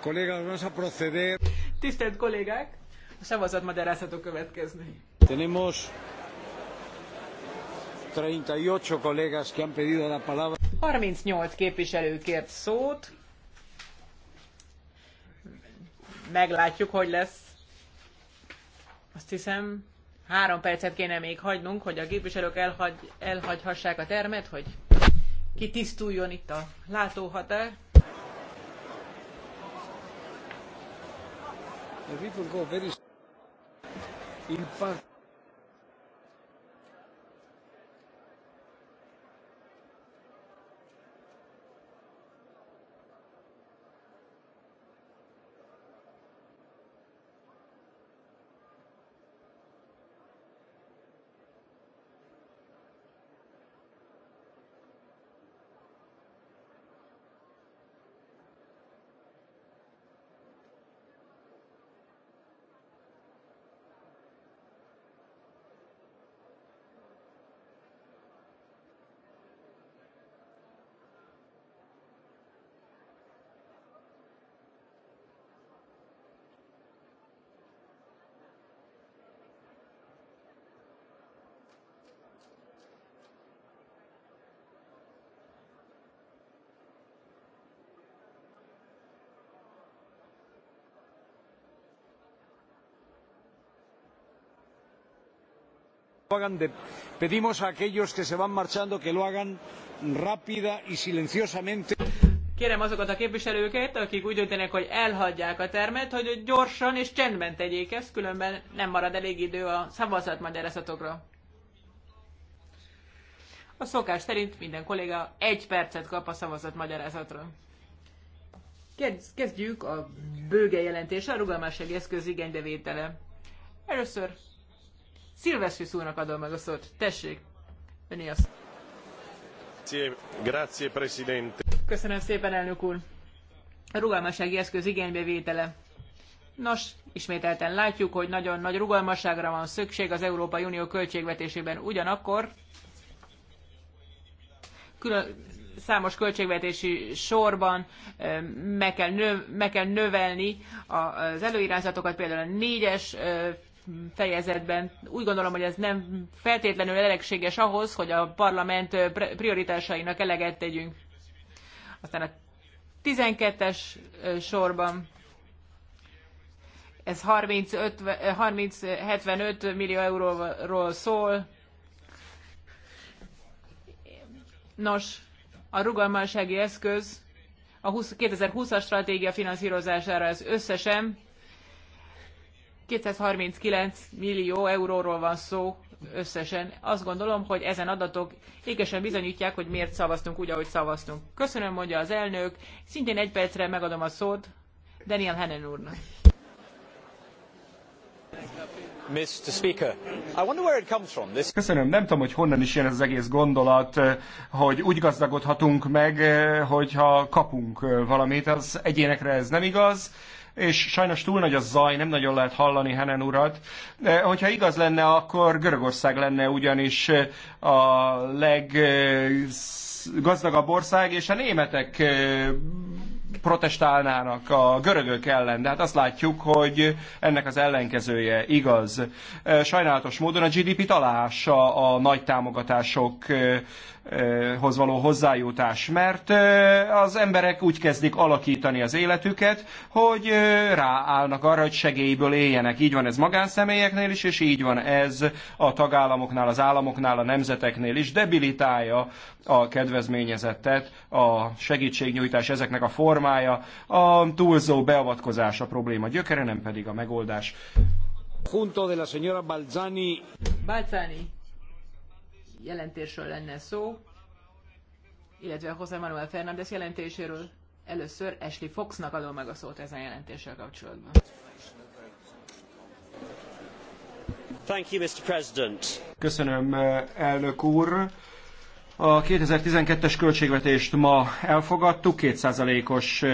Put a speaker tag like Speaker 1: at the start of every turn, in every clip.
Speaker 1: Kollégák, vamos a proceder. Tisztelt kollégák, a szavazatmagyarázató következni.
Speaker 2: Tenemos 38 colegas que han pedido la palabra.
Speaker 1: 38 képviselő kért szót. Meglátjuk, hogy lesz. Azt hiszem, három percet kéne még hagynunk, hogy a képviselők elhagy, elhagyhassák a termet, hogy kitisztuljon itt a látóhatár.
Speaker 2: we will go very
Speaker 1: soon. in part
Speaker 3: lo hagan de, pedimos a aquellos que se van
Speaker 2: marchando que lo hagan rápida y silenciosamente.
Speaker 1: Kérem azokat a képviselőket, akik úgy döntenek, hogy elhagyják a termet, hogy gyorsan és csendben tegyék ezt, különben nem marad elég idő a szavazat magyarázatokra. A szokás szerint minden kolléga egy percet kap a szavazat magyarázatra. Kezdjük a bőge jelentése, a rugalmassági eszköz igénybevétele. Először Szilvesztris szúrnak adom meg a szót. Tessék, öné azt.
Speaker 2: Grazie, Presidente.
Speaker 1: Köszönöm szépen, elnök úr. A rugalmassági eszköz igénybevétele. Nos, ismételten látjuk, hogy nagyon nagy rugalmasságra van szükség az Európai Unió költségvetésében. Ugyanakkor külön, számos költségvetési sorban meg kell, növ, meg kell növelni az előirányzatokat, például a négyes fejezetben. Úgy gondolom, hogy ez nem feltétlenül elégséges ahhoz, hogy a parlament prioritásainak eleget tegyünk. Aztán a 12-es sorban ez 30-75 millió euróról szól. Nos, a rugalmassági eszköz a 2020-as stratégia finanszírozására ez összesen 239 millió euróról van szó összesen. Azt gondolom, hogy ezen adatok égesen bizonyítják, hogy miért szavaztunk úgy, ahogy szavaztunk. Köszönöm, mondja az elnök. Szintén egy percre megadom a szót Daniel Hennen úrnak. Mr. Speaker, I wonder where it comes from.
Speaker 3: This... Köszönöm, nem tudom, hogy honnan is jön ez az egész gondolat, eh, hogy úgy gazdagodhatunk meg, eh, hogyha kapunk eh, valamit, az egyénekre ez nem igaz és sajnos túl nagy a zaj, nem nagyon lehet hallani Henen urat. De hogyha igaz lenne, akkor Görögország lenne ugyanis a leggazdagabb ország, és a németek protestálnának a görögök ellen, de hát azt látjuk, hogy ennek az ellenkezője igaz. Sajnálatos módon a GDP talása a nagy támogatások hoz való hozzájutás, mert az emberek úgy kezdik alakítani az életüket, hogy ráállnak arra, hogy segélyből éljenek. Így van ez magánszemélyeknél is, és így van ez a tagállamoknál, az államoknál, a nemzeteknél is. Debilitálja a kedvezményezettet, a segítségnyújtás ezeknek a formája, a túlzó beavatkozás a probléma gyökere, nem pedig a megoldás. Junto de la señora Balzani.
Speaker 1: Balzani jelentésről lenne szó, illetve José Manuel Fernández jelentéséről. Először Ashley Foxnak adom meg a szót ezen jelentéssel kapcsolatban. Thank you, Mr. President.
Speaker 3: Köszönöm, eh, elnök úr. A 2012-es költségvetést ma elfogadtuk, 2%-os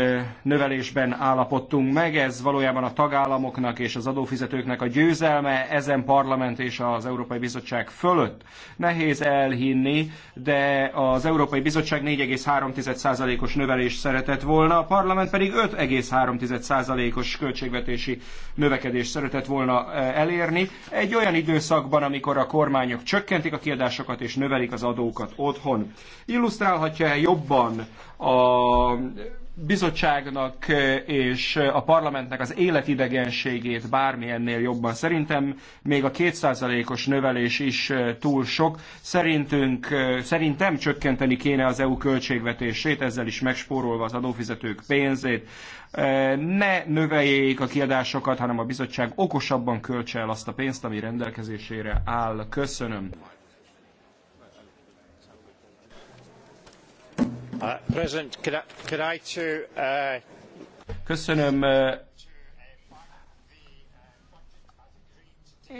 Speaker 3: növelésben állapodtunk meg, ez valójában a tagállamoknak és az adófizetőknek a győzelme, ezen parlament és az Európai Bizottság fölött. Nehéz elhinni, de az Európai Bizottság 4,3%-os növelést szeretett volna, a parlament pedig 5,3%-os költségvetési növekedést szeretett volna elérni. Egy olyan időszakban, amikor a kormányok csökkentik a kiadásokat és növelik az adókat. Ott otthon. Illusztrálhatja-e jobban a bizottságnak és a parlamentnek az életidegenségét bármi ennél jobban. Szerintem még a kétszázalékos növelés is túl sok. Szerintünk, szerintem csökkenteni kéne az EU költségvetését, ezzel is megspórolva az adófizetők pénzét. Ne növeljék a kiadásokat, hanem a bizottság okosabban költse el azt a pénzt, ami rendelkezésére áll. Köszönöm. Uh, uh, Köszönöm, uh,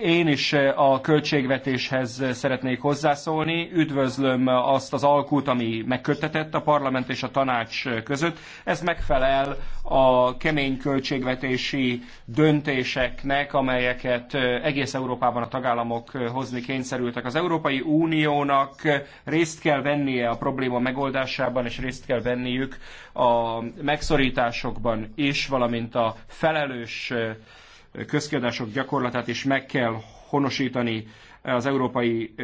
Speaker 3: Én is eh, a költségvetéshez szeretnék hozzászólni. Üdvözlöm eh, azt az alkút, ami megköttetett a parlament és a tanács eh, között. Ez megfelel a kemény költségvetési döntéseknek, amelyeket egész Európában a tagállamok hozni kényszerültek. Az Európai Uniónak részt kell vennie a probléma megoldásában, és részt kell venniük a megszorításokban is, valamint a felelős közkiadások gyakorlatát is meg kell honosítani az Európai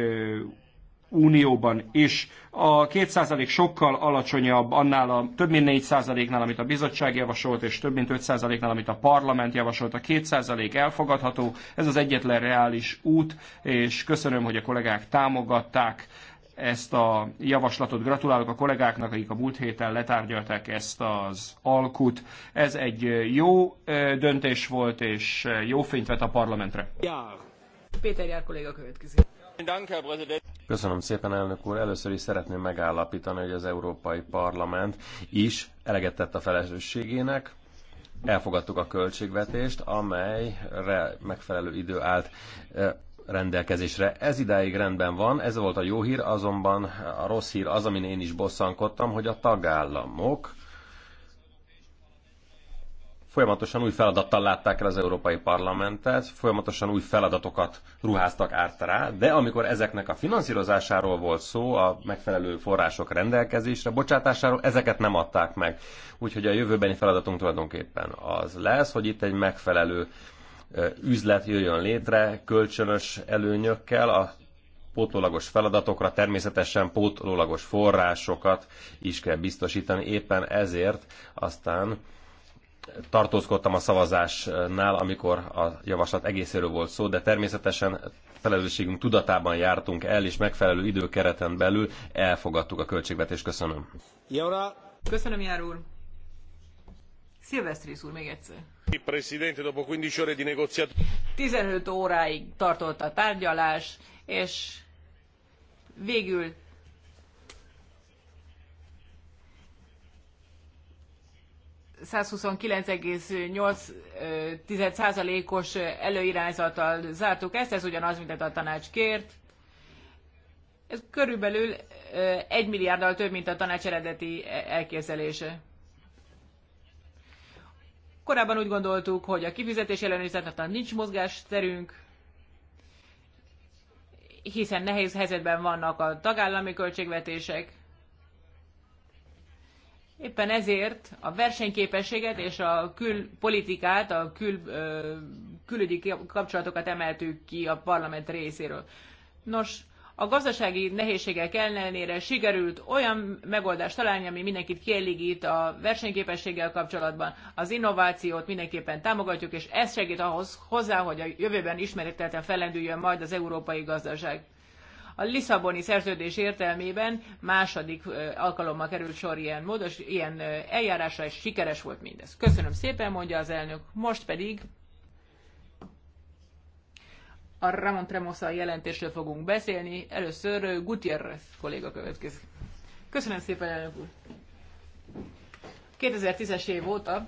Speaker 3: Unióban is. A 2% sokkal alacsonyabb annál a több mint 4%-nál, amit a bizottság javasolt, és több mint 5%-nál, amit a parlament javasolt. A 2% elfogadható, ez az egyetlen reális út, és köszönöm, hogy a kollégák támogatták ezt a javaslatot. Gratulálok a kollégáknak, akik a múlt héten letárgyalták ezt az alkut. Ez egy jó döntés volt, és jó fényt vet a parlamentre.
Speaker 1: Ja. Péter Jár kolléga következik.
Speaker 2: Köszönöm szépen, elnök úr. Először is szeretném megállapítani, hogy az Európai Parlament is eleget tett a felelősségének. Elfogadtuk a költségvetést, amelyre megfelelő idő állt rendelkezésre. Ez idáig rendben van, ez volt a jó hír, azonban a rossz hír az, amin én is bosszankodtam, hogy a tagállamok folyamatosan új feladattal látták el az Európai Parlamentet, folyamatosan új feladatokat ruháztak át rá, de amikor ezeknek a finanszírozásáról volt szó, a megfelelő források rendelkezésre, bocsátásáról, ezeket nem adták meg. Úgyhogy a jövőbeni feladatunk tulajdonképpen az lesz, hogy itt egy megfelelő üzlet jöjjön létre kölcsönös előnyökkel, a pótolagos feladatokra természetesen pótolagos forrásokat is kell biztosítani. Éppen ezért aztán tartózkodtam a szavazásnál, amikor a javaslat egészéről volt szó, de természetesen felelősségünk tudatában jártunk el, és megfelelő időkereten belül elfogadtuk a költségvetést. Köszönöm.
Speaker 1: Köszönöm, Jár úr. Szilvesztris úr, még egyszer.
Speaker 2: 15 ore
Speaker 1: 15 óráig tartott a tárgyalás, és végül os előirányzattal zártuk ezt, ez ugyanaz, mint a tanács kért. Ez körülbelül 1 milliárddal több, mint a tanács eredeti elképzelése. Korábban úgy gondoltuk, hogy a kifizetés ellenőrizetetlen nincs mozgásterünk, hiszen nehéz helyzetben vannak a tagállami költségvetések. Éppen ezért a versenyképességet és a külpolitikát, a kül, külügyi kapcsolatokat emeltük ki a parlament részéről. Nos, a gazdasági nehézségek ellenére sikerült olyan megoldást találni, ami mindenkit kielégít a versenyképességgel kapcsolatban. Az innovációt mindenképpen támogatjuk, és ez segít ahhoz hozzá, hogy a jövőben ismeretelten fellendüljön majd az európai gazdaság. A Lisszaboni szerződés értelmében második alkalommal került sor ilyen, módos, ilyen eljárásra, és sikeres volt mindez. Köszönöm szépen, mondja az elnök. Most pedig a Ramon Tremosa jelentésről fogunk beszélni. Először uh, Gutierrez kolléga következik. Köszönöm szépen, elnök úr! 2010-es év óta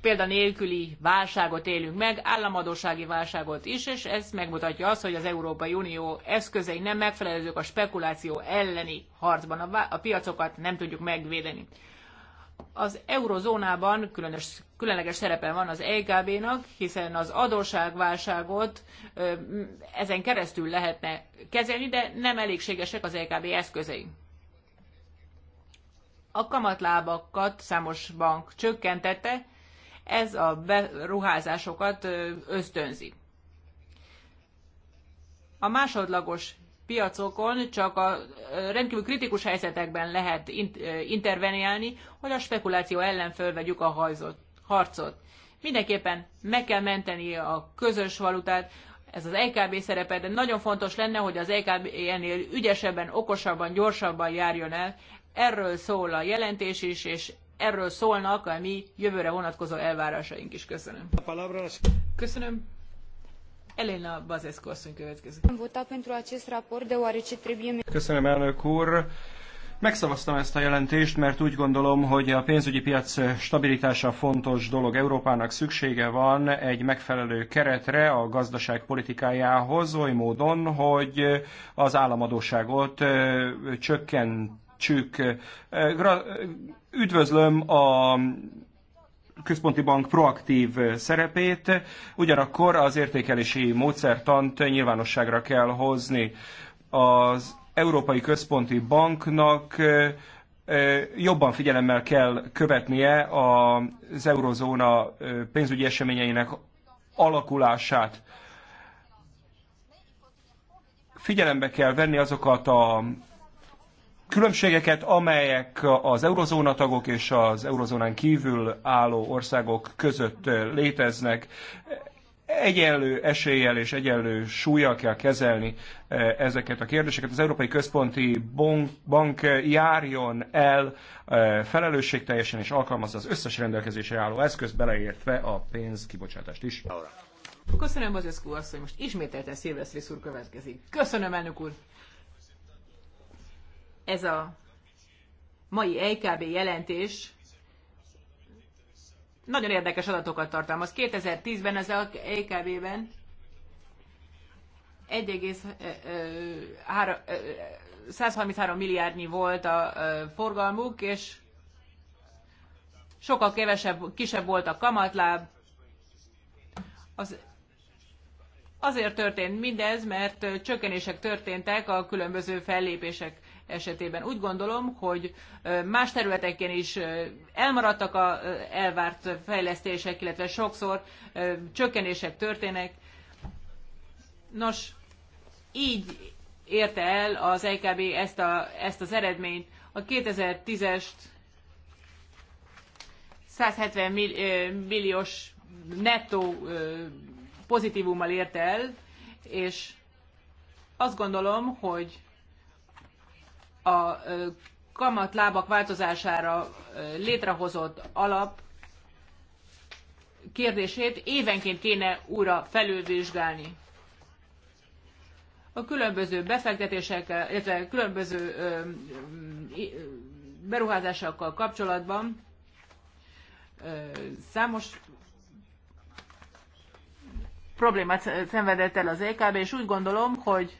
Speaker 1: példa nélküli válságot élünk meg, államadósági válságot is, és ez megmutatja azt, hogy az Európai Unió eszközei nem megfelelők a spekuláció elleni harcban. A, a piacokat nem tudjuk megvédeni az eurozónában különös, különleges szerepe van az EKB-nak, hiszen az adósságválságot ezen keresztül lehetne kezelni, de nem elégségesek az EKB eszközei. A kamatlábakat számos bank csökkentette, ez a beruházásokat ösztönzi. A másodlagos piacokon csak a rendkívül kritikus helyzetekben lehet interveniálni, hogy a spekuláció ellen fölvegyük a hajzot, harcot. Mindenképpen meg kell menteni a közös valutát, ez az EKB szerepe, de nagyon fontos lenne, hogy az EKB ennél ügyesebben, okosabban, gyorsabban járjon el. Erről szól a jelentés is, és erről szólnak a mi jövőre vonatkozó elvárásaink is. Köszönöm. Köszönöm. Elena Bazescu asszony következik.
Speaker 3: Köszönöm, elnök úr. Megszavaztam ezt a jelentést, mert úgy gondolom, hogy a pénzügyi piac stabilitása fontos dolog. Európának szüksége van egy megfelelő keretre a gazdaság politikájához, oly módon, hogy az államadóságot csökkentsük. Üdvözlöm a központi bank proaktív szerepét, ugyanakkor az értékelési módszertant nyilvánosságra kell hozni. Az Európai Központi Banknak jobban figyelemmel kell követnie az eurozóna pénzügyi eseményeinek alakulását. Figyelembe kell venni azokat a különbségeket, amelyek az eurozóna tagok és az eurozónán kívül álló országok között léteznek, egyenlő eséllyel és egyenlő súlyjal kell kezelni eh, ezeket a kérdéseket. Az Európai Központi Bank járjon el eh, felelősségteljesen és alkalmazza az összes rendelkezésre álló eszköz, beleértve a pénzkibocsátást is.
Speaker 1: Köszönöm, Bozeszkú asszony, most ismételten Szilveszri úr következik. Köszönöm, elnök úr! ez a mai EKB jelentés nagyon érdekes adatokat tartalmaz. 2010-ben az EKB-ben 133 milliárdnyi volt a forgalmuk, és sokkal kevesebb, kisebb volt a kamatláb. Az, azért történt mindez, mert csökkenések történtek a különböző fellépések esetében. Úgy gondolom, hogy más területeken is elmaradtak a elvárt fejlesztések, illetve sokszor csökkenések történnek. Nos, így érte el az EKB ezt, a, ezt az eredményt. A 2010-est 170 milliós nettó pozitívummal érte el, és azt gondolom, hogy a kamatlábak változására létrehozott alap kérdését évenként kéne újra felülvizsgálni. A különböző befektetésekkel, illetve különböző beruházásokkal kapcsolatban számos problémát szenvedett el az EKB, és úgy gondolom, hogy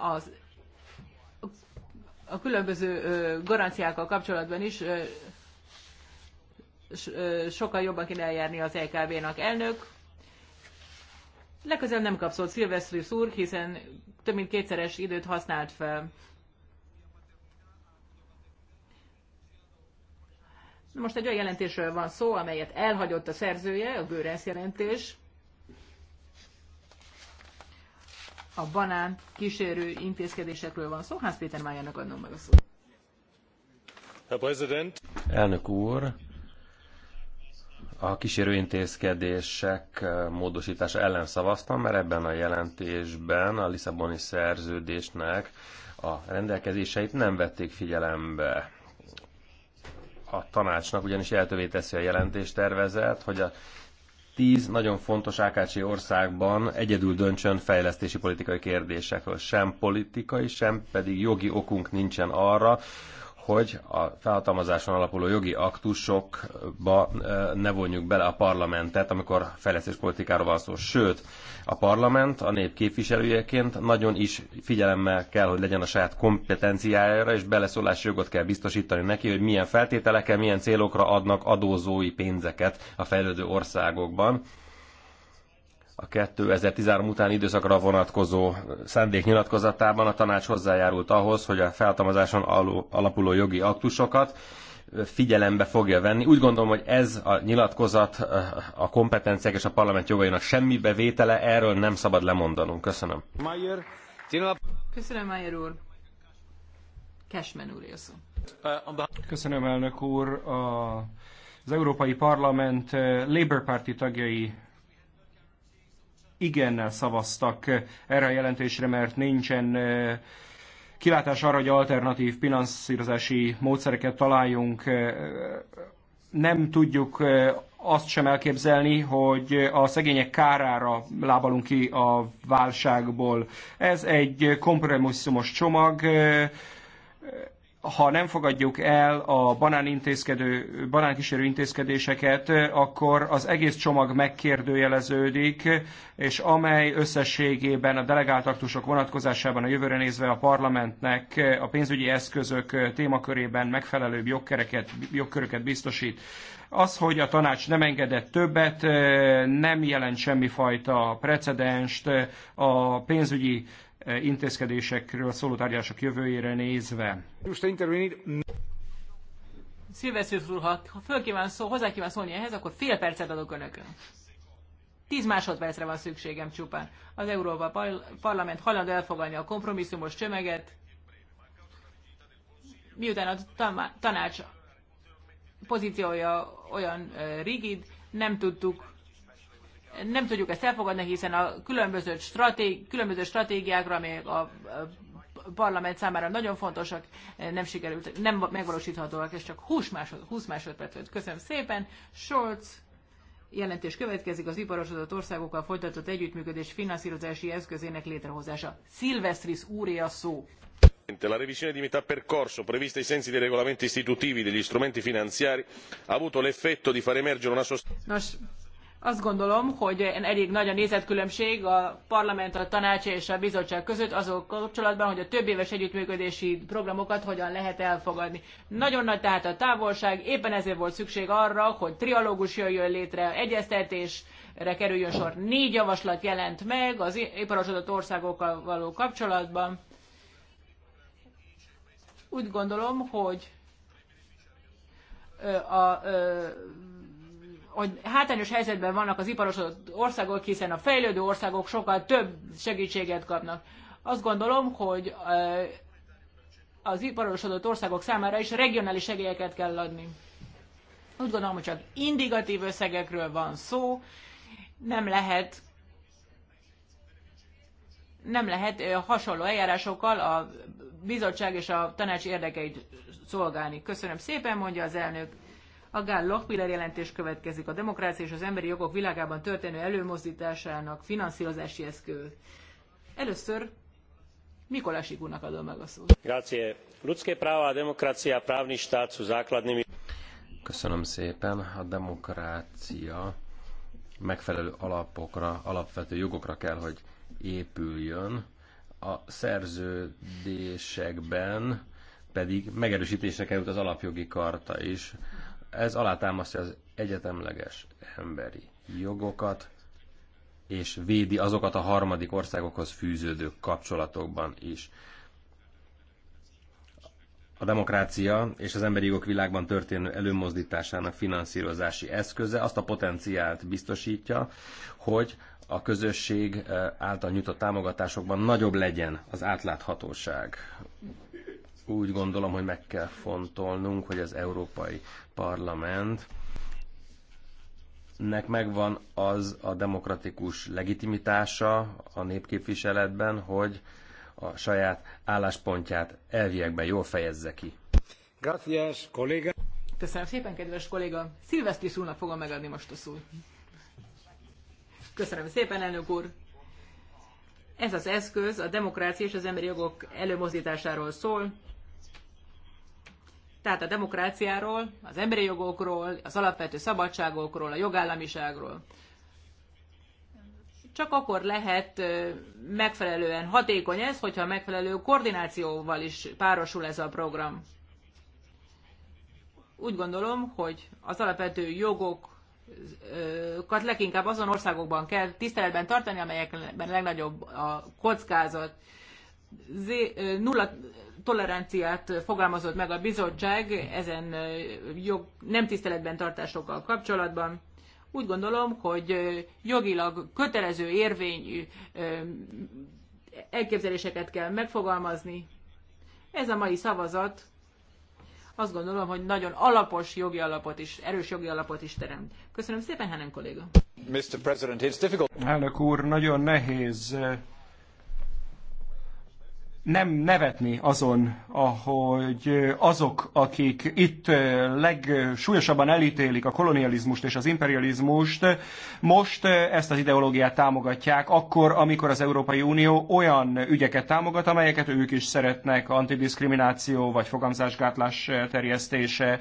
Speaker 1: az, a különböző garanciákkal kapcsolatban is sokkal jobban kéne eljárni az LKB-nak elnök. Legközelebb nem kapszott Szilveszri szúr, hiszen több mint kétszeres időt használt fel. Most egy olyan jelentésről van szó, amelyet elhagyott a szerzője, a Görens jelentés. a banán kísérő intézkedésekről van szó. Hans Péter Májának adnom meg a szót.
Speaker 2: Elnök úr, a kísérő intézkedések eh, módosítása ellen szavaztam, mert ebben a jelentésben a Lisszaboni szerződésnek a rendelkezéseit nem vették figyelembe. A tanácsnak ugyanis lehetővé teszi a jelentéstervezet, hogy a tíz nagyon fontos Ákácsi országban egyedül döntsön fejlesztési politikai kérdésekről. Sem politikai, sem pedig jogi okunk nincsen arra, hogy a felhatalmazáson alapuló jogi aktusokba ne vonjuk bele a parlamentet, amikor politikáról van szó. Sőt, a parlament a nép képviselőjeként nagyon is figyelemmel kell, hogy legyen a saját kompetenciájára, és beleszólási jogot kell biztosítani neki, hogy milyen feltételekkel, milyen célokra adnak adózói pénzeket a fejlődő országokban a 2013 utáni időszakra vonatkozó szándéknyilatkozatában a tanács hozzájárult ahhoz, hogy a feltalmazáson alapuló jogi aktusokat figyelembe fogja venni. Úgy gondolom, hogy ez a nyilatkozat a kompetenciák és a parlament jogainak semmi bevétele, erről nem szabad lemondanunk. Köszönöm.
Speaker 1: Mayer, Köszönöm, Mayer úr. Cashman úr,
Speaker 3: Köszönöm, elnök úr. A, az Európai Parlament Labour Party tagjai igennel szavaztak eh, erre a jelentésre, mert nincsen eh, kilátás arra, hogy alternatív finanszírozási módszereket találjunk. Eh, nem tudjuk azt sem elképzelni, hogy a szegények kárára lábalunk ki a válságból. Ez egy kompromisszumos csomag, ha nem fogadjuk el a banán intézkedő, banánkísérő intézkedéseket, akkor az egész csomag megkérdőjeleződik, és amely összességében a delegált aktusok vonatkozásában a jövőre nézve a parlamentnek a pénzügyi eszközök témakörében megfelelőbb jogkereket, jogköröket biztosít. Az, hogy a tanács nem engedett többet, nem jelent semmifajta precedenst a pénzügyi intézkedésekről szóló tárgyalások jövőjére nézve.
Speaker 1: Szilveszőt úr, ha föl kíván szó, hozzá kíván szólni ehhez, akkor fél percet adok önökön. Tíz másodpercre van szükségem csupán. Az Európa Parlament hajlandó elfogadni a kompromisszumos csömeget, miután a tanács pozíciója olyan rigid, nem tudtuk nem tudjuk ezt elfogadni, hiszen a különböző, stratégi, különböző stratégiákra, amelyek a parlament számára nagyon fontosak, nem sikerült, nem megvalósíthatóak, és csak 20, másod, 20 másodperc volt. Köszönöm szépen. Scholz jelentés következik az iparosodott országokkal folytatott együttműködés finanszírozási eszközének létrehozása. Szilvesztris úré a szó.
Speaker 2: La revisione di metà percorso prevista ai sensi dei regolamenti istitutivi degli strumenti finanziari ha avuto l'effetto di far emergere una sostanza.
Speaker 1: Azt gondolom, hogy elég nagy a nézetkülönbség a parlament, a tanács és a bizottság között azok kapcsolatban, hogy a több éves együttműködési programokat hogyan lehet elfogadni. Nagyon nagy tehát a távolság, éppen ezért volt szükség arra, hogy trialógus jöjjön létre, egyeztetésre kerüljön sor. Négy javaslat jelent meg az iparosodott országokkal való kapcsolatban. Úgy gondolom, hogy a, a hogy hátrányos helyzetben vannak az iparosodott országok, hiszen a fejlődő országok sokkal több segítséget kapnak. Azt gondolom, hogy az iparosodott országok számára is regionális segélyeket kell adni. Úgy gondolom, hogy csak indikatív összegekről van szó, nem lehet nem lehet hasonló eljárásokkal a bizottság és a tanács érdekeit szolgálni. Köszönöm szépen, mondja az elnök. A Gál Lochmiller jelentés következik a demokrácia és az emberi jogok világában történő előmozdításának finanszírozási eszköz. Először Mikolási úrnak adom meg a szót.
Speaker 2: Grazie. Ľudské práva a demokrácia právny štát sú základnými... Köszönöm szépen. A demokrácia megfelelő alapokra, alapvető jogokra kell, hogy épüljön. A szerződésekben pedig megerősítése került az alapjogi karta is ez alátámasztja az egyetemleges emberi jogokat, és védi azokat a harmadik országokhoz fűződő kapcsolatokban is. A demokrácia és az emberi jogok világban történő előmozdításának finanszírozási eszköze azt a potenciált biztosítja, hogy a közösség eh, által nyújtott támogatásokban nagyobb legyen az átláthatóság úgy gondolom, hogy meg kell fontolnunk, hogy az Európai Parlament nek megvan az a demokratikus legitimitása a népképviseletben, hogy a saját álláspontját elviekben jól fejezze ki.
Speaker 1: Gracias, kolléga. Köszönöm szépen, kedves kolléga. Szilveszti szólnak fogom megadni most a szót. Köszönöm szépen, elnök úr. Ez az eszköz a demokrácia és az emberi jogok előmozdításáról szól tehát a demokráciáról, az emberi jogokról, az alapvető szabadságokról, a jogállamiságról. Csak akkor lehet megfelelően hatékony ez, hogyha megfelelő koordinációval is párosul ez a program. Úgy gondolom, hogy az alapvető jogokat leginkább azon országokban kell tiszteletben tartani, amelyekben legnagyobb a kockázat. Z, nulla, toleranciát fogalmazott meg a bizottság ezen jog nem tiszteletben tartásokkal kapcsolatban. Úgy gondolom, hogy jogilag kötelező érvényű elképzeléseket kell megfogalmazni. Ez a mai szavazat azt gondolom, hogy nagyon alapos jogi alapot is, erős jogi alapot is teremt. Köszönöm szépen, Hennen kolléga.
Speaker 3: Mr. President, it's difficult. Elnök úr, nagyon nehéz nem nevetni azon, ahogy azok, akik itt legsúlyosabban elítélik a kolonializmust és az imperializmust, most ezt az ideológiát támogatják, akkor, amikor az Európai Unió olyan ügyeket támogat, amelyeket ők is szeretnek, antidiskrimináció, vagy fogamzásgátlás terjesztése,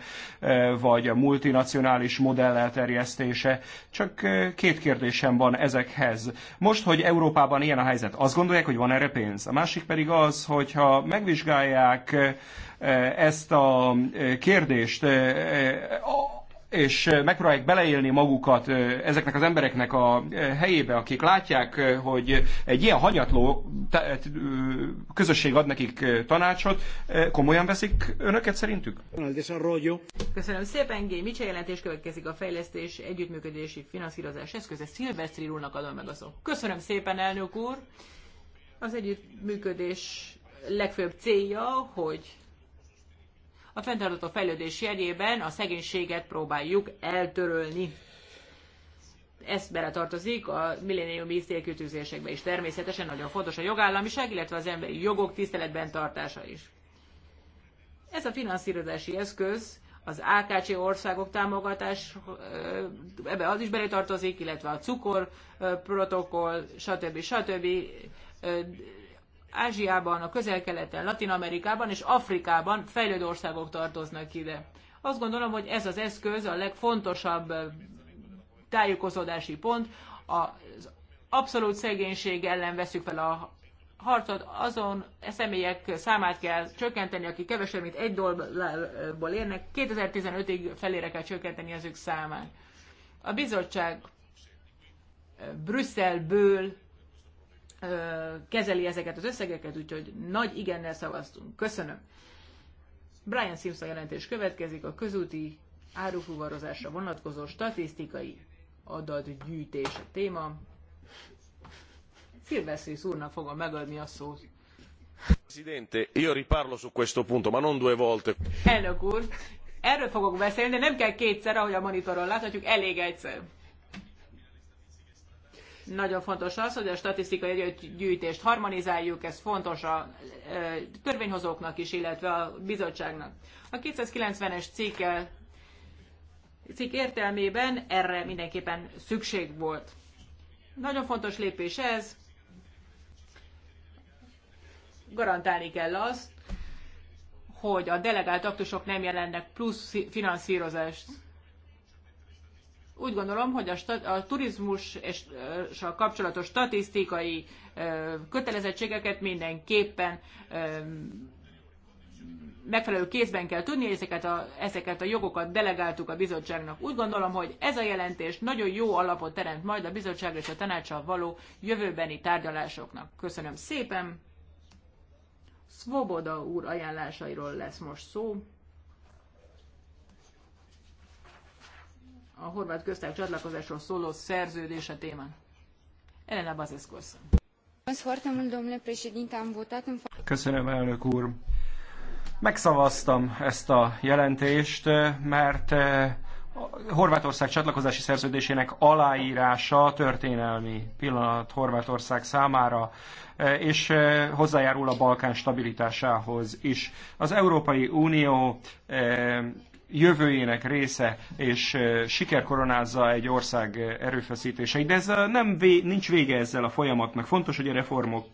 Speaker 3: vagy a multinacionális modell terjesztése, Csak két kérdésem van ezekhez. Most, hogy Európában ilyen a helyzet, azt gondolják, hogy van erre pénz. A másik pedig az, az, hogyha megvizsgálják eh, eh, ezt a eh, kérdést, és megpróbálják beleélni magukat ezeknek az embereknek a helyébe, akik látják, hogy egy ilyen hanyatló közösség ad nekik tanácsot, komolyan veszik önöket szerintük?
Speaker 1: Köszönöm szépen, Gény. Micsi jelentés következik a fejlesztés együttműködési finanszírozás eszköze. Szilvesztri úrnak adom meg a szó. Köszönöm szépen, elnök úr! Az együttműködés legfőbb célja, hogy a fenntartható fejlődés jegyében a szegénységet próbáljuk eltörölni. Ez beletartozik a millenniumi célkütőzésekbe is. Természetesen nagyon fontos a jogállamiság, illetve az emberi jogok tiszteletben tartása is. Ez a finanszírozási eszköz az AKC országok támogatás, ebbe az is beletartozik, illetve a cukor protokoll, stb. stb. Ázsiában, a közel-keleten, Latin-Amerikában és Afrikában fejlődő országok tartoznak ide. Azt gondolom, hogy ez az eszköz a legfontosabb tájékozódási pont. Az abszolút szegénység ellen veszük fel a harcot, azon e személyek számát kell csökkenteni, akik kevesebb, mint egy dollárból érnek, 2015-ig felére kell csökkenteni az ők számát. A bizottság Brüsszelből kezeli ezeket az összegeket, úgyhogy nagy igennel szavaztunk. Köszönöm. Brian Simpson jelentés következik a közúti árufúvarozásra vonatkozó statisztikai adatgyűjtés a téma. Szilveszész úrnak fogom megadni a szót.
Speaker 2: Presidente, io riparlo su questo punto, ma non due volte.
Speaker 1: Elnök úr, erről fogok beszélni, de nem kell kétszer, ahogy a monitoron láthatjuk, elég egyszer. Nagyon fontos az, hogy a statisztikai gyűjtést harmonizáljuk, ez fontos a törvényhozóknak is, illetve a bizottságnak. A 290-es cikkel cikk értelmében erre mindenképpen szükség volt. Nagyon fontos lépés ez. Garantálni kell azt, hogy a delegált aktusok nem jelennek plusz finanszírozást. Úgy gondolom, hogy a, a turizmus és a kapcsolatos statisztikai kötelezettségeket mindenképpen megfelelő kézben kell tudni, ezeket a, ezeket a jogokat delegáltuk a bizottságnak. Úgy gondolom, hogy ez a jelentés nagyon jó alapot teremt majd a bizottság és a tanácssal való jövőbeni tárgyalásoknak. Köszönöm szépen! Svoboda úr ajánlásairól lesz most szó. a horvát köztárs csatlakozásról szóló szerződése témán. Elena Bazeszkorszon.
Speaker 3: Köszönöm, elnök úr. Megszavaztam ezt a jelentést, mert eh, Horvátország csatlakozási szerződésének aláírása történelmi pillanat Horvátország számára, eh, és eh, hozzájárul a Balkán stabilitásához is. Az Európai Unió jövőjének része, és siker koronázza egy ország erőfeszítéseit. De ez nem vé, nincs vége ezzel a folyamatnak. Fontos, hogy a reformok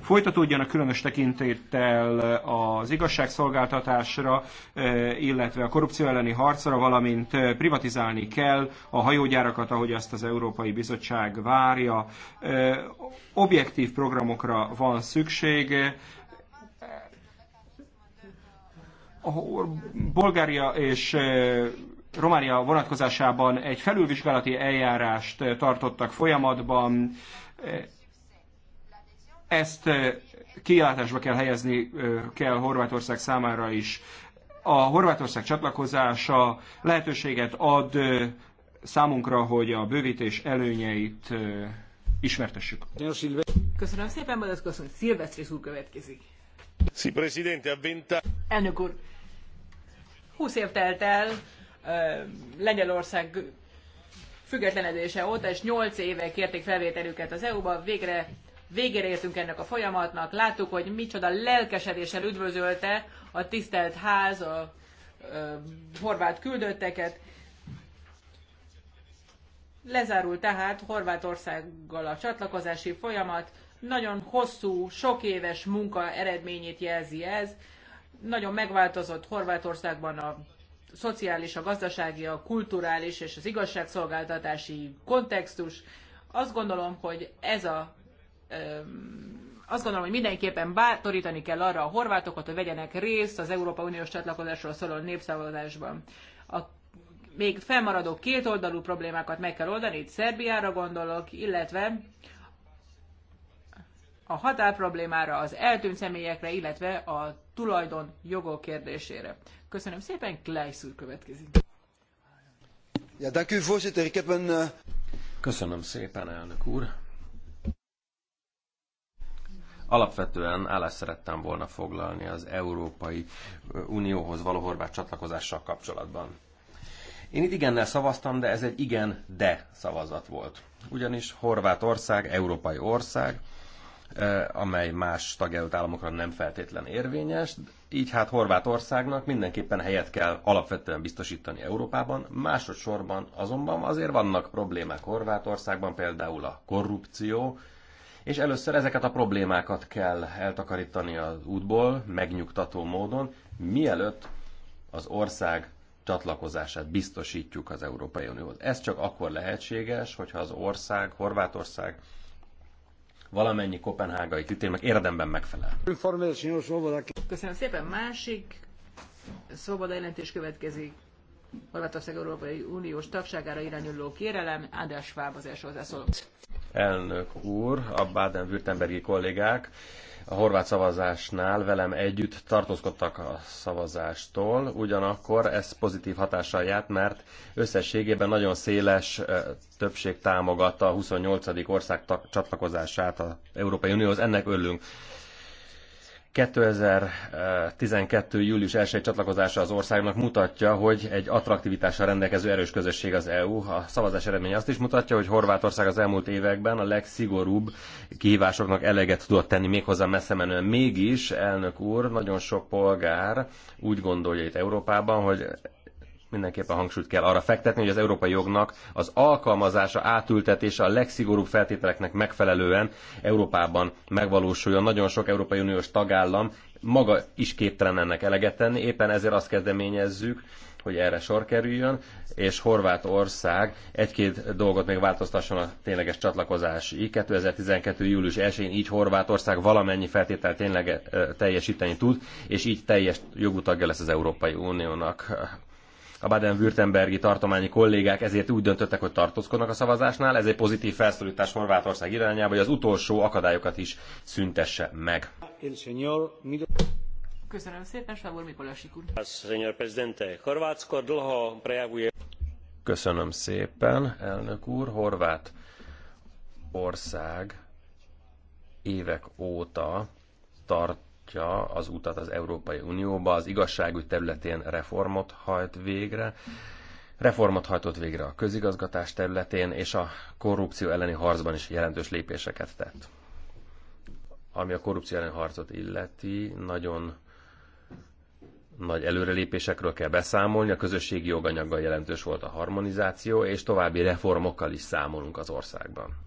Speaker 3: folytatódjanak, különös tekintettel az igazságszolgáltatásra, illetve a korrupció elleni harcra, valamint privatizálni kell a hajógyárakat, ahogy azt az Európai Bizottság várja. Objektív programokra van szükség, Bulgária és e, Románia vonatkozásában egy felülvizsgálati eljárást e, tartottak folyamatban. E, ezt kiállításba kell helyezni kell Horvátország számára is. A Horvátország csatlakozása lehetőséget ad számunkra, hogy a bővítés előnyeit
Speaker 2: ismertessük.
Speaker 1: Köszönöm szépen, majd azt köszönöm, Szilvesztris úr következik. Elnök úr, 20 év telt el Lengyelország függetlenedése óta, és 8 éve kérték felvételüket az EU-ba, végre végére értünk ennek a folyamatnak, láttuk, hogy micsoda lelkesedéssel üdvözölte a tisztelt ház a, horvát küldötteket. lezárult, tehát Horvátországgal a csatlakozási folyamat, nagyon hosszú, sok éves munka eredményét jelzi ez. Nagyon megváltozott Horvátországban a szociális, a gazdasági, a kulturális és az igazságszolgáltatási kontextus. Azt gondolom, hogy ez a azt gondolom, hogy mindenképpen bátorítani kell arra a horvátokat, hogy vegyenek részt az Európa Uniós csatlakozásról szóló népszavazásban. A még felmaradó kétoldalú problémákat meg kell oldani, itt Szerbiára gondolok, illetve a határ problémára, az eltűnt személyekre, illetve a tulajdon jogok kérdésére. Köszönöm szépen, Klejsz úr következik.
Speaker 2: Ja, dank voorzitter. Ik heb een... Eh, Köszönöm szépen, elnök úr. Alapvetően állást szerettem volna foglalni az Európai eh, Unióhoz való horvát csatlakozással kapcsolatban. Én itt igennel szavaztam, de ez egy igen de szavazat volt. Ugyanis Horvátország európai ország, amely más tagjelölt államokra nem feltétlen érvényes. Így hát Horvátországnak mindenképpen helyet kell alapvetően biztosítani Európában, másodszorban azonban azért vannak problémák Horvátországban, például a korrupció, és először ezeket a problémákat kell eltakarítani az útból megnyugtató módon, mielőtt az ország csatlakozását biztosítjuk az Európai Unióhoz. Ez csak akkor lehetséges, hogyha az ország, Horvátország valamennyi kopenhágai kritériumnak érdemben megfelel.
Speaker 1: Köszönöm szépen. Másik szoboda jelentés következik. Horvátország Európai Uniós tagságára irányuló kérelem, Ádás Fáb az első hozzászóló.
Speaker 2: Elnök úr, a Baden-Württembergi kollégák a horvát szavazásnál velem együtt tartózkodtak a szavazástól, ugyanakkor ez pozitív hatással járt, mert összességében nagyon széles többség támogatta a 28. ország csatlakozását az Európai Unióhoz, ennek örülünk. 2012. Eh, július 1 csatlakozása az országnak mutatja, hogy egy attraktivitással rendelkező erős közösség az EU. A szavazás eredménye azt is mutatja, hogy Horvátország az elmúlt években a legszigorúbb kihívásoknak eleget tudott tenni méghozzá messze menően. Mégis, elnök úr, nagyon sok polgár úgy gondolja itt Európában, hogy mindenképpen hangsúlyt kell arra fektetni, hogy az európai jognak az alkalmazása, átültetése a legszigorúbb feltételeknek megfelelően Európában megvalósuljon. Nagyon sok Európai Uniós tagállam maga is képtelen ennek eleget tenni, éppen ezért azt kezdeményezzük, hogy erre sor kerüljön, és Horvátország egy-két dolgot még változtasson a tényleges csatlakozási. 2012. július 1-én így Horvátország valamennyi feltételt tényleg teljesíteni tud, és így teljes jogú tagja lesz az Európai Uniónak a Baden-Württembergi tartományi kollégák ezért úgy döntöttek, hogy tartózkodnak a szavazásnál. Ez egy pozitív felszólítás Horvátország irányába, hogy az utolsó akadályokat is szüntesse meg.
Speaker 1: Köszönöm szépen, Sábor Mikolasik úr.
Speaker 2: Köszönöm szépen, elnök úr. Horvát ország évek óta tart megnyitja az utat az Európai Unióba, az igazságügy területén reformot hajt végre, reformot hajtott végre a közigazgatás területén, és a korrupció elleni harcban is jelentős lépéseket tett. Ami a korrupció elleni harcot illeti, nagyon nagy előrelépésekről kell beszámolni, a közösségi joganyaggal jelentős volt a harmonizáció, és további reformokkal is számolunk az országban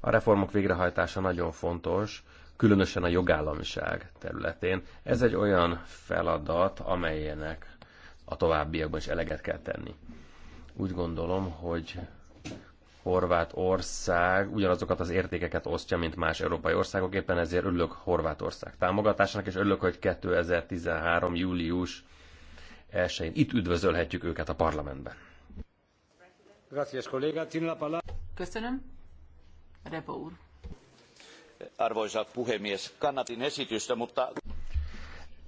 Speaker 2: a reformok végrehajtása nagyon fontos, különösen a jogállamiság területén. Ez egy olyan feladat, amelyének a továbbiakban is eleget kell tenni. Úgy gondolom, hogy Horvátország ugyanazokat az értékeket osztja, mint más európai országok, éppen ezért örülök Horvátország támogatásának, és örülök, hogy 2013. július 1-én itt üdvözölhetjük őket a parlamentben. Köszönöm. Arvoisa puhemies, kannatin esitystä, mutta...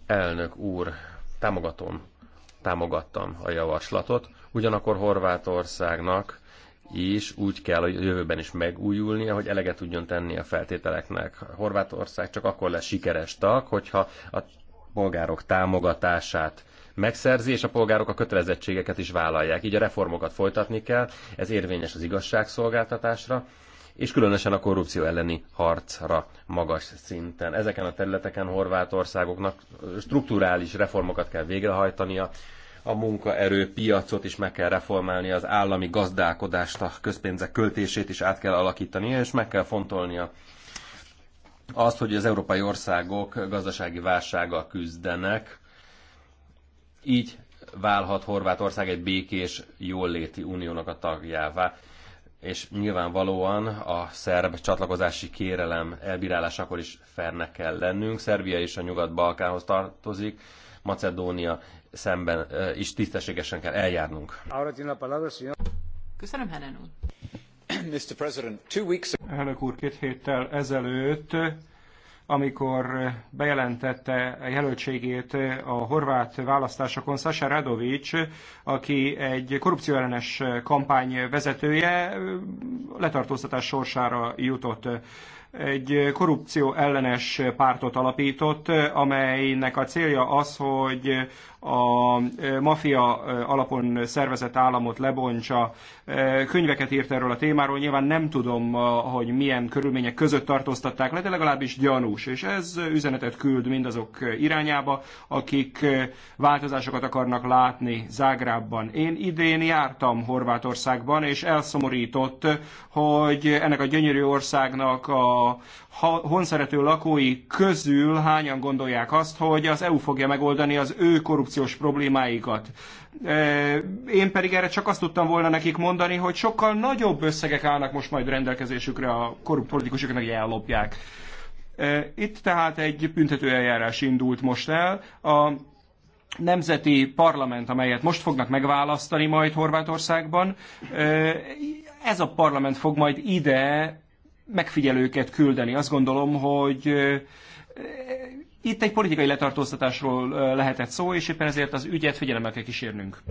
Speaker 2: Elnök úr, támogatom, támogattam a javaslatot, ugyanakkor Horvátországnak és úgy kell, a jövőben is megújulnia, hogy eleget tudjon tenni a feltételeknek. Horvátország csak akkor lesz sikeres tag, hogyha a polgárok támogatását megszerzi, és a polgárok a kötelezettségeket is vállalják. Így a reformokat folytatni kell, ez érvényes az igazságszolgáltatásra, és különösen a korrupció elleni harcra magas szinten. Ezeken a területeken Horvátországoknak strukturális reformokat kell végrehajtania, a munkaerőpiacot is meg kell reformálni, az állami gazdálkodást, a közpénzek költését is át kell alakítania, és meg kell fontolnia azt, hogy az európai országok gazdasági válsággal küzdenek, így válhat Horvátország egy békés, jóléti uniónak a tagjává és nyilvánvalóan a szerb csatlakozási kérelem elbírálásakor is fernek kell lennünk. Szerbia is a Nyugat-Balkánhoz tartozik, Macedónia szemben is tisztességesen kell eljárnunk.
Speaker 1: Köszönöm, Helen úr.
Speaker 3: Mr. President, two weeks... Elnök úr, két héttel ezelőtt amikor bejelentette a jelöltségét a horvát választásokon Sasa Radovic, aki egy korrupcióellenes kampány vezetője, letartóztatás sorsára jutott egy korrupció ellenes pártot alapított, amelynek a célja az, hogy a mafia alapon szervezett államot lebontsa. Könyveket írt erről a témáról, nyilván nem tudom, hogy milyen körülmények között tartóztatták le, de legalábbis gyanús. És ez üzenetet küld mindazok irányába, akik változásokat akarnak látni Zágrábban. Én idén jártam Horvátországban, és elszomorított, hogy ennek a gyönyörű országnak a a honszerető lakói közül hányan gondolják azt, hogy az EU fogja megoldani az ő korrupciós problémáikat. Én pedig erre csak azt tudtam volna nekik mondani, hogy sokkal nagyobb összegek állnak most majd rendelkezésükre a korrupt politikusoknak, hogy ellopják. Itt tehát egy eljárás indult most el. A nemzeti parlament, amelyet most fognak megválasztani majd Horvátországban, ez a parlament fog majd ide megfigyelőket küldeni. Azt gondolom, hogy itt egy politikai letartóztatásról lehetett szó, és éppen ezért az ügyet figyelemmel kell kísérnünk.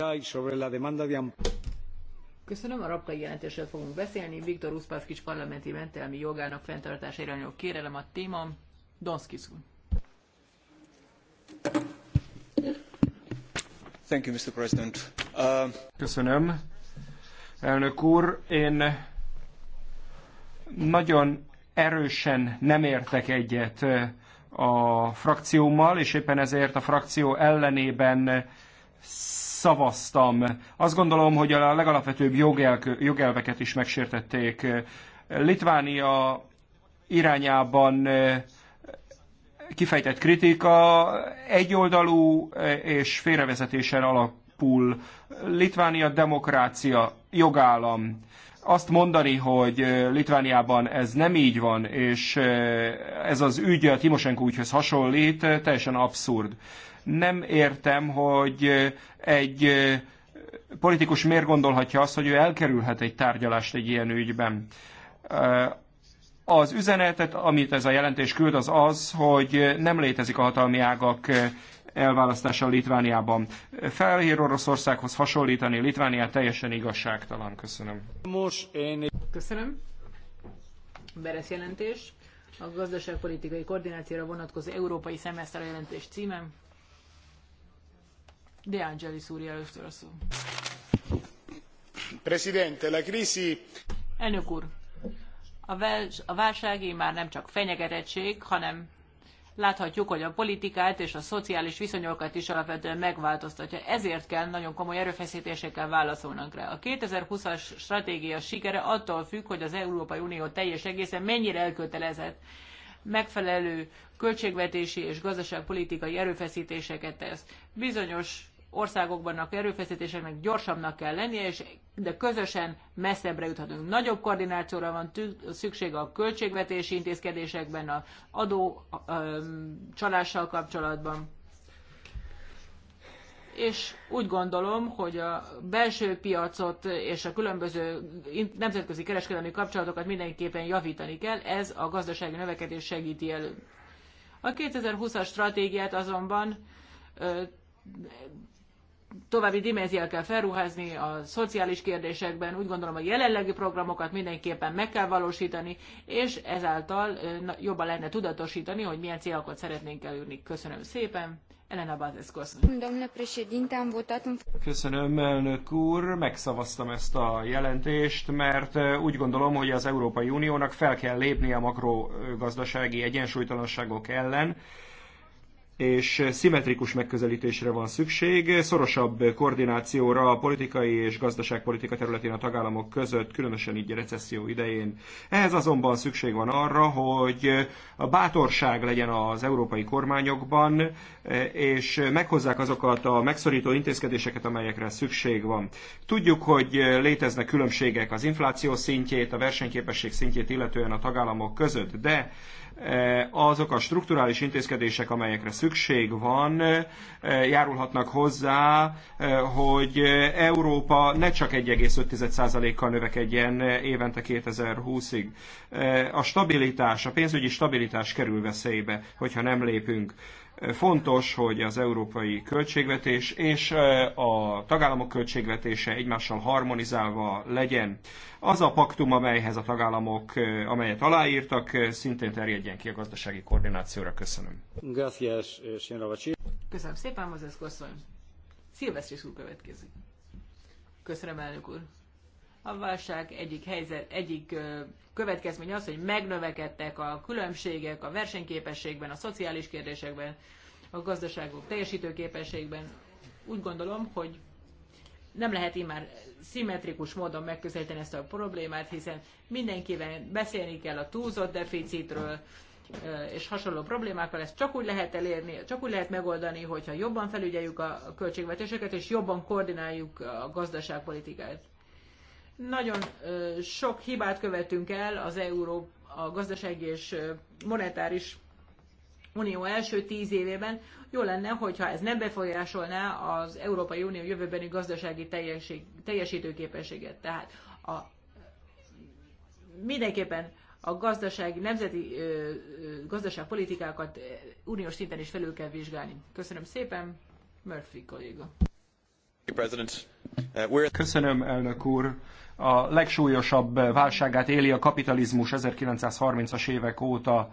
Speaker 1: Köszönöm, a rabkai jelentésről fogunk beszélni. Viktor Uszpászkics parlamenti mentelmi jogának fenntartása irányuló kérelem a téma. Donskis úr.
Speaker 3: Thank you, Mr. President. Uh... Köszönöm. Elnök úr, én nagyon erősen nem értek egyet a frakciómmal, és éppen ezért a frakció ellenében szavaztam. Azt gondolom, hogy a legalapvetőbb jogel, jogelveket is megsértették. Litvánia irányában kifejtett kritika egyoldalú és félrevezetésen alapul. Litvánia demokrácia, jogállam azt mondani, hogy Litvániában ez nem így van, és ez az ügy a Timosenko ügyhöz hasonlít, teljesen abszurd. Nem értem, hogy egy politikus miért gondolhatja azt, hogy ő elkerülhet egy tárgyalást egy ilyen ügyben. Az üzenetet, amit ez a jelentés küld, az az, hogy nem létezik a hatalmi ágak elválasztása Litvániában. Felhér Oroszországhoz hasonlítani Litvániát teljesen igazságtalan. Köszönöm.
Speaker 1: Most én... Köszönöm. Beres jelentés. A gazdaságpolitikai koordinációra vonatkozó európai szemeszter jelentés címe. De Angelis úr először a szó.
Speaker 3: Presidente, la crisi...
Speaker 1: Elnök úr, a, vel- a válság már nem csak fenyegetettség, hanem láthatjuk, hogy a politikát és a szociális viszonyokat is alapvetően megváltoztatja. Ezért kell nagyon komoly erőfeszítésekkel válaszolnunk rá. A 2020-as stratégia sikere attól függ, hogy az Európai Unió teljes egészen mennyire elkötelezett megfelelő költségvetési és gazdaságpolitikai erőfeszítéseket tesz. Bizonyos országokbannak erőfeszítéseknek gyorsabbnak kell lennie, és de közösen messzebbre juthatunk. Nagyobb koordinációra van szükség a költségvetési intézkedésekben, a adó a, a, csalással kapcsolatban. És úgy gondolom, hogy a belső piacot és a különböző nemzetközi kereskedelmi kapcsolatokat mindenképpen javítani kell, ez a gazdasági növekedés segíti elő. A 2020-as stratégiát azonban további dimenziál kell felruházni a szociális kérdésekben. Úgy gondolom, a jelenlegi programokat mindenképpen meg kell valósítani, és ezáltal jobban lenne tudatosítani, hogy milyen célokat szeretnénk elérni. Köszönöm szépen. Elena Bazescu.
Speaker 3: Köszönöm, elnök úr. Megszavaztam ezt a jelentést, mert úgy gondolom, hogy az Európai Uniónak fel kell lépnie a makrogazdasági egyensúlytalanságok ellen és szimmetrikus megközelítésre van szükség, szorosabb koordinációra a politikai és gazdaságpolitika területén a tagállamok között, különösen így a recesszió idején. Ehhez azonban szükség van arra, hogy a bátorság legyen az európai kormányokban, és meghozzák azokat a megszorító intézkedéseket, amelyekre szükség van. Tudjuk, hogy léteznek különbségek az infláció szintjét, a versenyképesség szintjét illetően a tagállamok között, de Eh, azok a strukturális intézkedések, amelyekre szükség van, eh, járulhatnak hozzá, eh, hogy Európa ne csak 1,5%-kal növekedjen évente 2020-ig. A stabilitás, a pénzügyi stabilitás kerül veszélybe, hogyha nem lépünk. Fontos, hogy az európai költségvetés és e, a tagállamok költségvetése egymással harmonizálva legyen. Az a paktum, amelyhez a tagállamok, e, amelyet aláírtak, e, szintén terjedjen ki a gazdasági koordinációra. Köszönöm.
Speaker 2: Gracias,
Speaker 1: Köszönöm szépen, Mazesz Kosszony. Szilveszti szó következik. Köszönöm, elnök úr. A válság egyik, helyzet, egyik következmény az, hogy megnövekedtek a különbségek a versenyképességben, a szociális kérdésekben, a gazdaságok teljesítőképességben. Úgy gondolom, hogy nem lehet immár szimmetrikus módon megközelíteni ezt a problémát, hiszen mindenkivel beszélni kell a túlzott deficitről, és hasonló problémákkal ezt csak úgy lehet elérni, csak úgy lehet megoldani, hogyha jobban felügyeljük a költségvetéseket, és jobban koordináljuk a gazdaságpolitikát. Nagyon sok hibát követünk el az Euró, a gazdasági és monetáris Unió első tíz évében. Jó lenne, hogyha ez nem befolyásolná az Európai Unió jövőbeni gazdasági teljeség, teljesítőképességet. Tehát a, mindenképpen a gazdasági, nemzeti ö, ö, gazdaságpolitikákat uniós szinten is felül kell vizsgálni. Köszönöm szépen, Murphy kolléga. Uh,
Speaker 3: Köszönöm, elnök úr. A legsúlyosabb válságát éli a kapitalizmus 1930-as évek óta.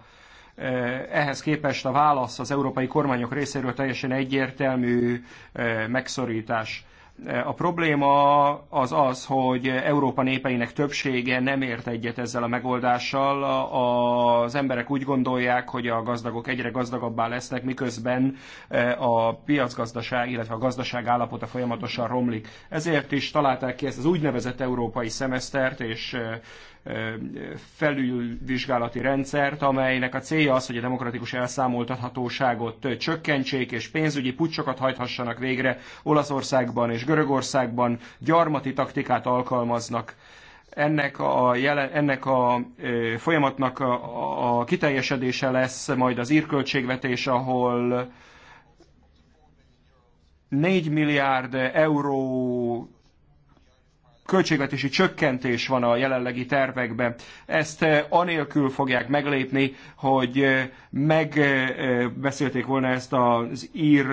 Speaker 3: Uh, ehhez képest a válasz az európai kormányok részéről teljesen egyértelmű uh, megszorítás. A probléma az az, hogy Európa népeinek többsége nem ért egyet ezzel a megoldással. Az emberek úgy gondolják, hogy a gazdagok egyre gazdagabbá lesznek, miközben eh, a piacgazdaság, illetve a gazdaság állapota folyamatosan romlik. Ezért is találták ki ezt az úgynevezett európai szemesztert, és eh, felülvizsgálati rendszert, amelynek a célja az, hogy a demokratikus elszámoltathatóságot csökkentsék és pénzügyi pucsokat hajthassanak végre Olaszországban és Görögországban, gyarmati taktikát alkalmaznak ennek a, jelen, ennek a folyamatnak a, a kiteljesedése lesz majd az írköltségvetés, ahol 4 milliárd euró költségvetési csökkentés van a jelenlegi tervekben. Ezt eh, anélkül fogják meglépni, hogy eh, megbeszélték eh, volna ezt az ír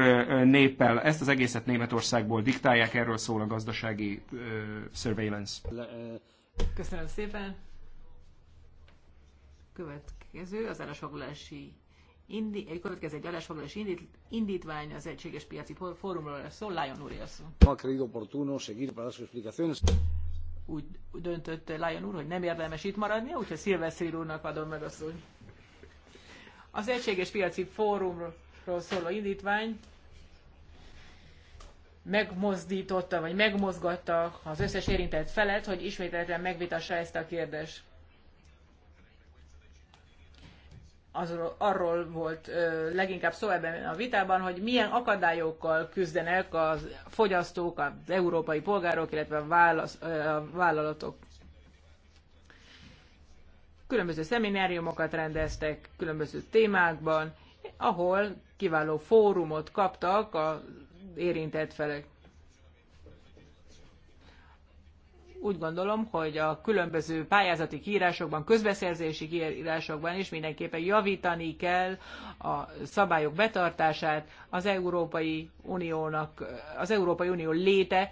Speaker 3: néppel. Ezt az egészet Németországból diktálják, erről szól a gazdasági surveillance.
Speaker 1: Köszönöm szépen. Következő az állásfoglalási indi, egy következő egy adásfoglalás indít, indítvány az egységes piaci fórumról lesz szó, Lion úr
Speaker 2: szó.
Speaker 1: Úgy döntött Lion úr, hogy nem érdemes itt maradni, úgyhogy Szilveszér úrnak adom meg a szót. Az egységes piaci fórumról szóló indítvány megmozdította, vagy megmozgatta az összes érintett felet, hogy ismételten megvitassa ezt a kérdést azról, arról volt ö, leginkább szó ebben a vitában, hogy milyen akadályokkal küzdenek a fogyasztók, az európai polgárok, illetve a, válasz, ö, a vállalatok. Különböző szemináriumokat rendeztek különböző témákban, ahol kiváló fórumot kaptak az érintett felek. Úgy gondolom, hogy a különböző pályázati kiírásokban, közbeszerzési kiírásokban is mindenképpen javítani kell a szabályok betartását. Az Európai Uniónak, az Európai Unió léte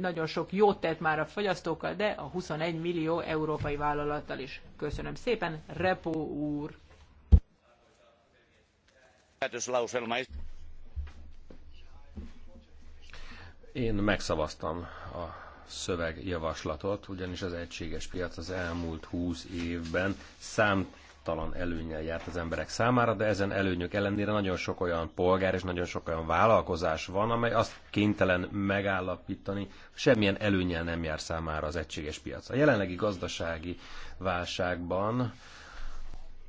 Speaker 1: nagyon sok jót tett már a fogyasztókkal, de a 21 millió európai vállalattal is. Köszönöm szépen, Repo úr!
Speaker 2: Én megszavaztam a szövegjavaslatot, ugyanis az egységes piac az elmúlt 20 évben számtalan előnyel járt az emberek számára, de ezen előnyök ellenére nagyon sok olyan polgár és nagyon sok olyan vállalkozás van, amely azt kénytelen megállapítani, semmilyen előnyel nem jár számára az egységes piac. A jelenlegi gazdasági válságban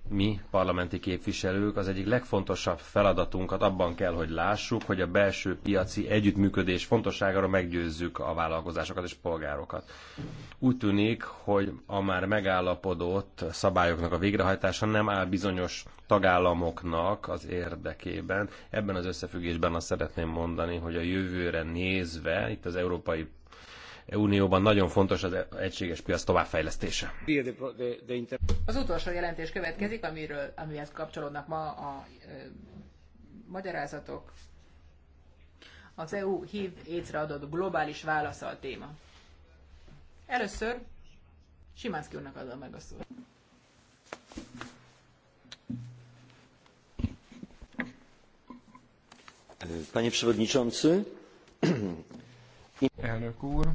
Speaker 2: mi parlamenti képviselők az egyik legfontosabb feladatunkat abban kell, hogy lássuk, hogy a belső piaci együttműködés fontosságára meggyőzzük a vállalkozásokat és polgárokat. Úgy tűnik, hogy a már megállapodott szabályoknak a végrehajtása nem áll bizonyos tagállamoknak az érdekében. Ebben az összefüggésben azt szeretném mondani, hogy a jövőre nézve, itt az Európai Unióban nagyon fontos az egységes piac továbbfejlesztése.
Speaker 1: Az utolsó jelentés következik, amiről, amihez kapcsolódnak ma a ö, magyarázatok. Az EU hív écre adott globális válasz a téma. Először Simánszki úrnak adom meg a szót.
Speaker 2: Panie Przewodniczący.
Speaker 3: Elnök úr,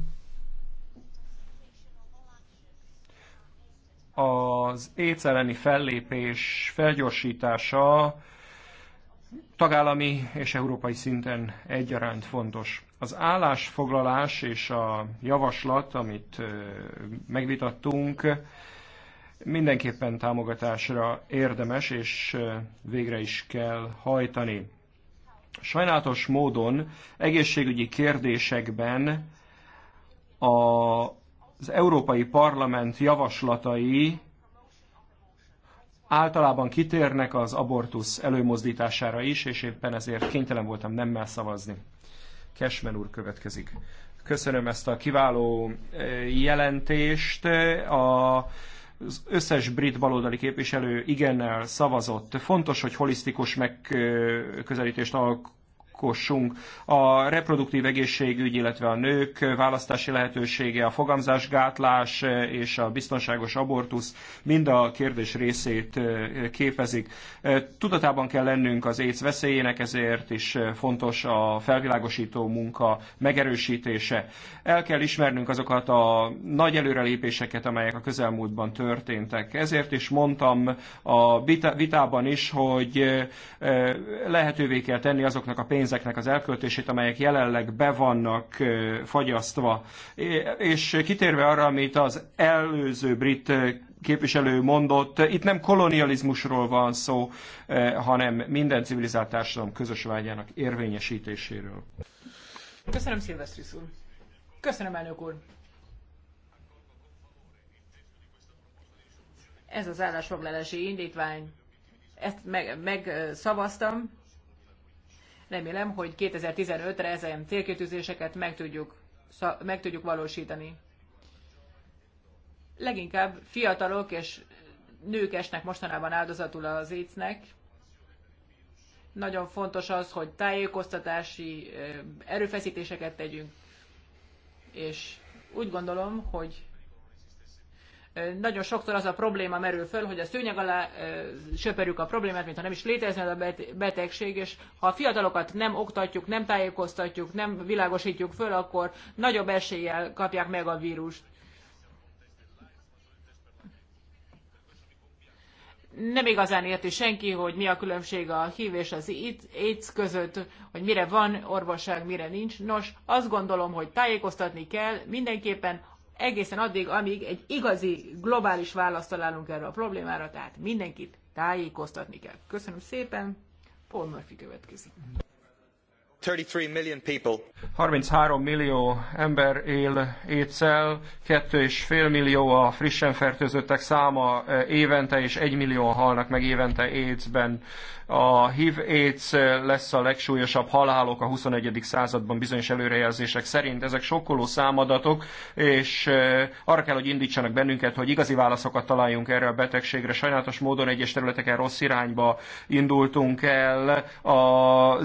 Speaker 3: az éjsz elleni fellépés felgyorsítása tagállami és európai szinten egyaránt fontos. Az állásfoglalás és a javaslat, amit megvitattunk, mindenképpen támogatásra érdemes, és végre is kell hajtani. Sajnálatos módon egészségügyi kérdésekben a az Európai Parlament javaslatai általában kitérnek az abortusz előmozdítására is, és éppen ezért kénytelen voltam nemmel szavazni. Kesmen úr következik. Köszönöm ezt a kiváló eh, jelentést. A az összes brit baloldali képviselő igennel szavazott. Fontos, hogy holisztikus megközelítést alkalmazunk kossunk. A reproduktív egészségügy, illetve a nők választási lehetősége, a fogamzásgátlás és a biztonságos abortusz mind a kérdés részét eh, képezik. Eh, tudatában kell lennünk az AIDS veszélyének, ezért is eh, fontos a felvilágosító munka megerősítése. El kell ismernünk azokat a nagy előrelépéseket, amelyek a közelmúltban történtek. Ezért is mondtam a vitában is, hogy lehetővé kell tenni azoknak a pénz pénzeknek az elköltését, amelyek jelenleg be vannak fagyasztva. És kitérve arra, amit az előző brit képviselő mondott, itt nem kolonializmusról van szó, hanem minden civilizált társadalom közös vágyának érvényesítéséről.
Speaker 1: Köszönöm, Szilvesztris úr. Köszönöm, elnök úr. Ez az állásfoglalási indítvány, ezt meg, Remélem, hogy 2015-re ezen célkitűzéseket meg tudjuk, meg tudjuk valósítani. Leginkább fiatalok és nők esnek mostanában áldozatul az écnek. Nagyon fontos az, hogy tájékoztatási erőfeszítéseket tegyünk, és úgy gondolom, hogy nagyon sokszor az a probléma merül föl, hogy a szőnyeg alá söperjük a problémát, mintha nem is létezne a betegség, és ha a fiatalokat nem oktatjuk, nem tájékoztatjuk, nem világosítjuk föl, akkor nagyobb eséllyel kapják meg a vírust. nem igazán érti senki, hogy mi a különbség a HIV és az AIDS között, hogy mire van orvosság, mire nincs. Nos, azt gondolom, hogy tájékoztatni kell mindenképpen egészen addig, amíg egy igazi globális választ találunk erre a problémára, tehát mindenkit tájékoztatni kell. Köszönöm szépen, Paul Murphy következik.
Speaker 3: 33 millió ember él étszel, 2,5 millió a frissen fertőzöttek száma eh, évente, és 1 millió halnak meg évente étsben a HIV-AIDS lesz a legsúlyosabb halálok a 21. században bizonyos előrejelzések szerint. Ezek sokkoló számadatok, és arra kell, hogy indítsanak bennünket, hogy igazi válaszokat találjunk erre a betegségre. Sajnálatos módon egyes területeken rossz irányba indultunk el. A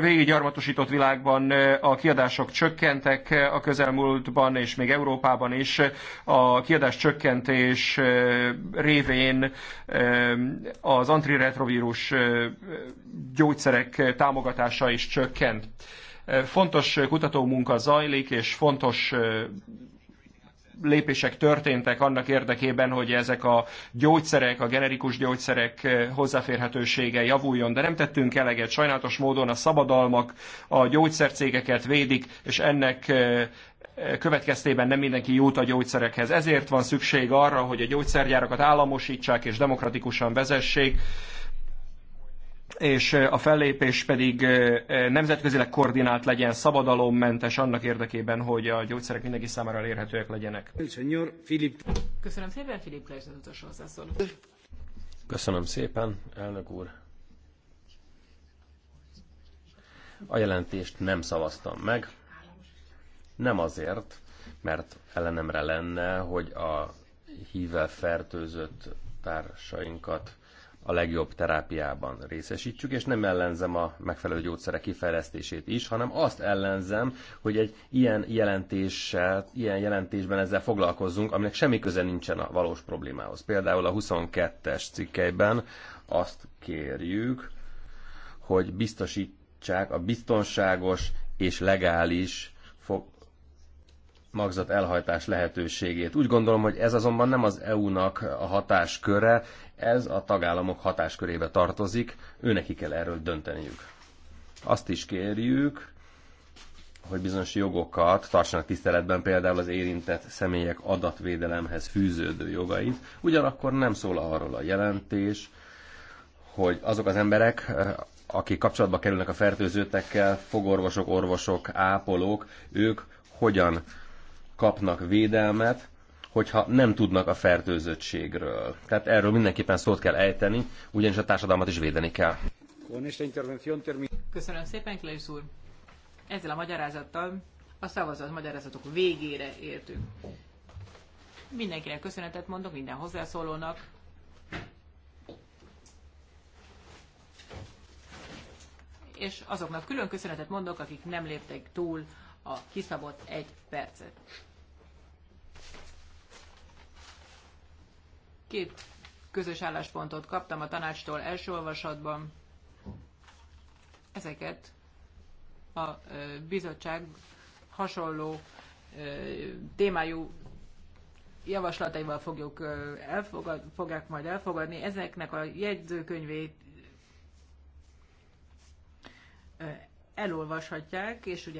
Speaker 3: végig gyarmatosított világban a kiadások csökkentek a közelmúltban, és még Európában is a kiadás csökkentés révén az antiretrovírus generikus gyógyszerek támogatása is csökkent. Fontos kutatómunka zajlik, és fontos lépések történtek annak érdekében, hogy ezek a gyógyszerek, a generikus gyógyszerek hozzáférhetősége javuljon, de nem tettünk eleget. Sajnálatos módon a szabadalmak a gyógyszercégeket védik, és ennek következtében nem mindenki jut a gyógyszerekhez. Ezért van szükség arra, hogy a gyógyszergyárakat államosítsák és demokratikusan vezessék, és eh, a fellépés pedig eh, eh, nemzetközileg koordinált legyen, szabadalommentes annak érdekében, hogy a gyógyszerek mindenki számára elérhetőek legyenek.
Speaker 1: Köszönöm szépen, Filip Klerz az utolsó hozzászóló.
Speaker 2: Köszönöm szépen, elnök úr. A jelentést nem szavaztam meg. Nem azért, mert ellenemre lenne, hogy a hívvel fertőzött társainkat a legjobb terápiában részesítsük, és nem ellenzem a megfelelő gyógyszerek kifejlesztését is, hanem azt ellenzem, hogy egy ilyen, jelentéssel, ilyen jelentésben ezzel foglalkozzunk, aminek semmi köze nincsen a valós problémához. Például a 22-es cikkeiben azt kérjük, hogy biztosítsák a biztonságos és legális magzat elhajtás lehetőségét. Úgy gondolom, hogy ez azonban nem az EU-nak a hatásköre, ez a tagállamok hatáskörébe tartozik, őneki kell erről dönteniük. Azt is kérjük, hogy bizonyos jogokat tartsanak tiszteletben, például az érintett személyek adatvédelemhez fűződő jogait. Ugyanakkor nem szól arról a jelentés, hogy azok az emberek, akik kapcsolatba kerülnek a fertőzöttekkel, fogorvosok, orvosok, ápolók, ők hogyan kapnak védelmet, hogyha nem tudnak a fertőzöttségről. Tehát erről mindenképpen szót kell ejteni, ugyanis a társadalmat is védeni kell.
Speaker 1: Köszönöm szépen, Klejsz úr! Ezzel a magyarázattal a szavazat magyarázatok végére értünk. Mindenkinek köszönetet mondok, minden hozzászólónak. És azoknak külön köszönetet mondok, akik nem léptek túl a kiszabott egy percet. Két közös álláspontot kaptam a tanácstól első olvasatban. Ezeket a bizottság hasonló témájú javaslataival fogjuk elfogad, fogják majd elfogadni. Ezeknek a jegyzőkönyvét elolvashatják, és ugye